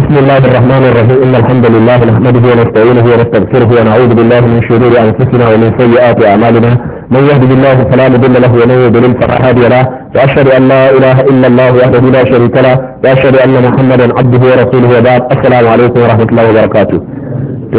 بسم الله الرحمن الرحيم إن الحمد لله نحمده ونستعينه ونستغفره ونعوذ بالله من شرور أنفسنا ومن سيئات أعمالنا من يهد الله فلا مضل له ومن يضلل فلا هادي له وأشهد أن لا إله إلا الله وحده لا شريك له وأشهد أن محمدا عبده ورسوله وبعد السلام عليكم ورحمة الله وبركاته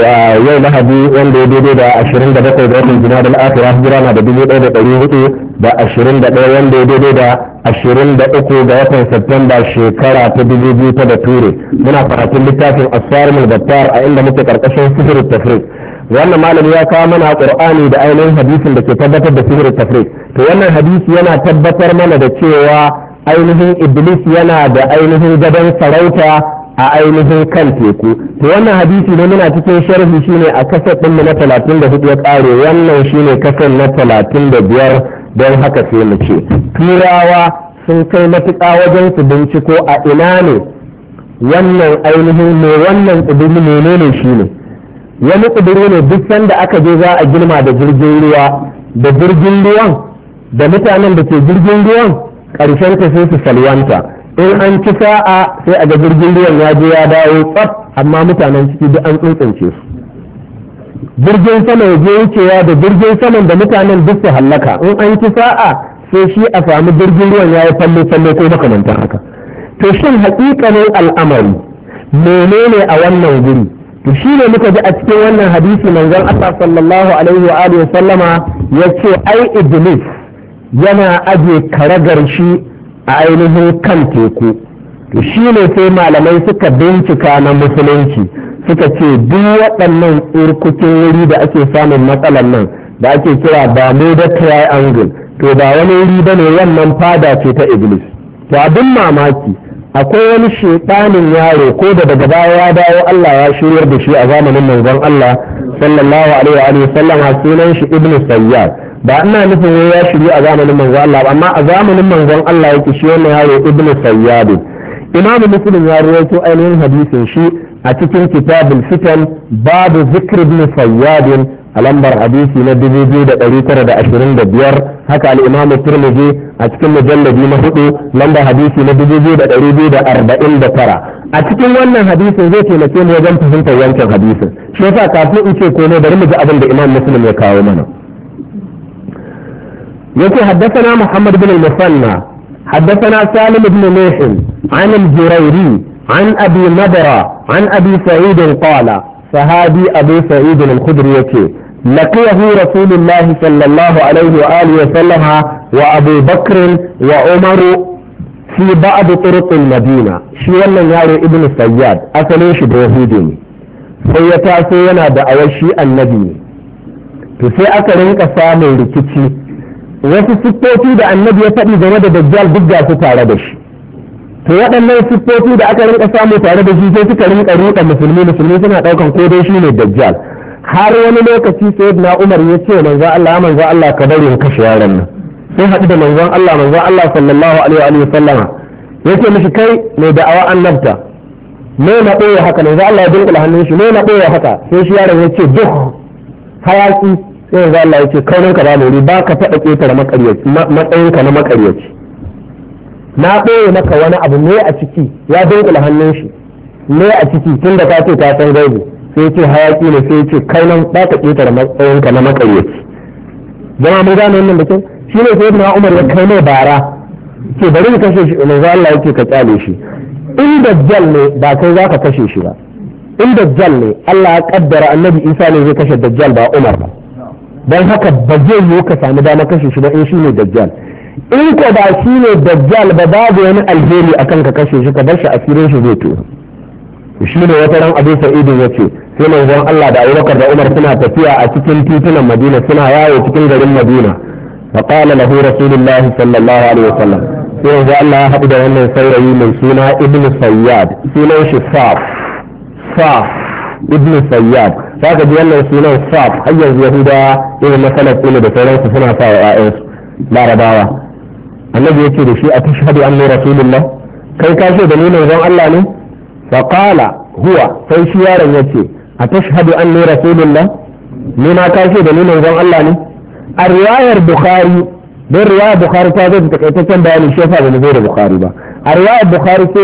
yau lahadi wanda دي دي da ashirin da bakwai ga watan juna da al'afira hijira دي دي dubu ɗaya دي ɗari hudu da ashirin da دي دي ya ashirin da uku ga watan Satumba shekara ta dubu biyu ta ture muna faratin littafin asfar battar a inda muke karkashin sihir tafrik wannan malami ya kawo mana qur'ani da ainihin hadisin da ke tabbatar da sihir tafrik to wannan hadisi yana tabbatar mana da cewa ainihin iblis yana da ainihin gadon sarauta a ainihin kan teku to wannan hadisi ne muna cikin sharhi shine a kasa ɗinmu na talatin da hudu ya ƙare wannan shine kasa na talatin da biyar don haka sai mu ce turawa sun kai matuƙa wajen su binciko a ina ne wannan ainihin ne wannan ne ne shi ne wani tsibiri ne duk sanda aka je za a girma da jirgin ruwa da jirgin ruwan da mutanen da ke jirgin ruwan ƙarshen ta sai su salwanta in an ci sa'a sai a ga jirgin ruwan ya je ya dawo tsaf amma mutanen ciki duk an tsuntsunce su jirgin sama ya je wucewa da jirgin saman da mutanen duk su hallaka in an ci sa'a sai shi a samu jirgin ruwan ya yi falle falle ko makamantar haka to shin haƙiƙanin al'amari menene a wannan guri to shi ne muka ji a cikin wannan hadisi manzon Allah sallallahu alaihi wa alihi sallama yace ai iblis yana aje karagar shi a ainihin kan teku to shi ne sai malamai suka bincika na musulunci suka ce duk waɗannan wuri da ake samun matsalan nan da ake kira ba da triangle to ba wani wuri ba ne wannan fada ce ta iblis to abin mamaki akwai wani shaiɗanin yaro ko da daga baya ya dawo Allah ya shiryar da shi a zamanin manzon Allah sallallahu alaihi wa sallam sunan shi ibnu sayyad ba ina nufin wai ya shiryu a zamanin manzon Allah amma a zamanin manzon Allah yake shi wannan yaro ibnu sayyad imamu muslim ya rawaito ainihin hadisin shi a cikin kitabul fitan babu zikr ibn fayyad a lambar hadisi na 2925 haka al-imam a cikin mujalladi na hudu lambar hadisi na 2249 a cikin wannan hadisin zai taimake mu wajen fahimtar yankin hadisin shi yasa kafin in ce komai bari mu ji abin da imam muslim ya kawo mana يقول Muhammad محمد بن haddasa na Salimu bin Nuhin, عن jurairi an abi madara an abi sa'idin qala sahabi abu sa'idin al-khudri yace لقيه رسول الله صلى wa عليه وآله وسلم وأبو بكر وعمر في بعض طرق المدينة شي wannan yaro ibn Sayyad asalin shi Yahudi ne sai ya yana da awashi annabi ne sai aka rinka samun rikici wasu siffofi da annabi ya faɗi game da dajjal duk ga su tare da shi to waɗannan siffofi da aka rinka samu tare da shi sai suka rinka rinka musulmi musulmi suna ɗaukan ko dai shi ne dajjal har wani lokaci sai na umar ya ce manzo Allah manzo Allah ka bari in kashe yaron nan sai haɗu da manzon Allah manzon Allah sallallahu alaihi wa sallama yace mishi kai mai da'awa annabta me na ɓoye haka manzo Allah ya dinkula hannun shi me na ɓoye haka sai shi yaron ya ce duk hayaki sai manzo Allah ya ce kaunin ka ba mu ba ka faɗa ƙetare matsayinka na makaryaci na ɓoye maka wani abu ne a ciki ya dunkula hannun shi ne a ciki tun da ka ce ka san gaibi sai ce hayaki ne sai ce kai nan ba ka ƙetare matsayinka na makaryaci zama mun gane wannan da kyau shi ne sai na umar ya kai mai bara Ke bari ka kashe shi manzo Allah yake ka kyale shi in dajjal ne ba kai za ka kashe shi ba in dajjal ne Allah ya kaddara annabi Isa ne zai kashe dajjal ba Umar ba Don haka ba zai yiwu ka sami dama kashe shi ba in shi ne dajjal in ko ba shi ne dajjal ba babu wani alheri kan ka kashe shi ka bar shi asirin shi zai to shi ne wata ran abu sa'idin ya ce sai manzon Allah da Abubakar da Umar suna tafiya a cikin titunan Madina suna yawo cikin garin Madina فقال له رسول الله صلى الله عليه sai yanzu Allah ya haɗu da wannan saurayi mai suna Ibn Sayyad sunan shi Saf Saf Ibn Sayyad za ka ji wannan sunan Saf har yanzu Yahuda irin na Falastinu da sauransu suna sa wa 'ya'yansu Larabawa annabi yake da shi a tashhadu anna rasulullah kai ka ce da ni manzon Allah ne fa qala huwa sai shi yaron yace a tashhadu anna rasulullah ni ma ka ce da ni manzon Allah ne a riwayar bukhari don riwayar bukhari ta zo da takaitaccen bayani shi yasa ba mu da bukhari ba a riwayar bukhari sai